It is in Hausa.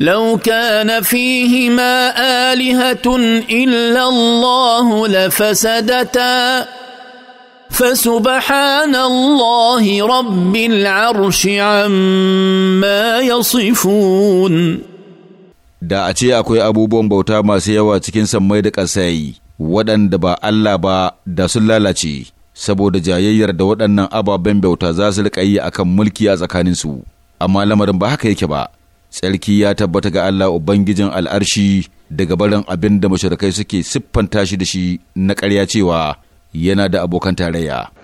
لو كان فيهما الهه الا الله لفسدتا فسبحان الله رب العرش عما يصفون da a ce akwai abubuwan bauta masu yawa cikin sammai da ƙasai waɗanda ba Allah ba da sun lalace saboda jayayyar da waɗannan ababen bauta za su riƙa yi akan mulki a tsakaninsu amma lamarin ba haka yake ba tsarki ya tabbata ga Allah Ubangijin al'arshi daga barin abin da mashirkai suke siffanta shi da shi na karya cewa yana da abokan tarayya.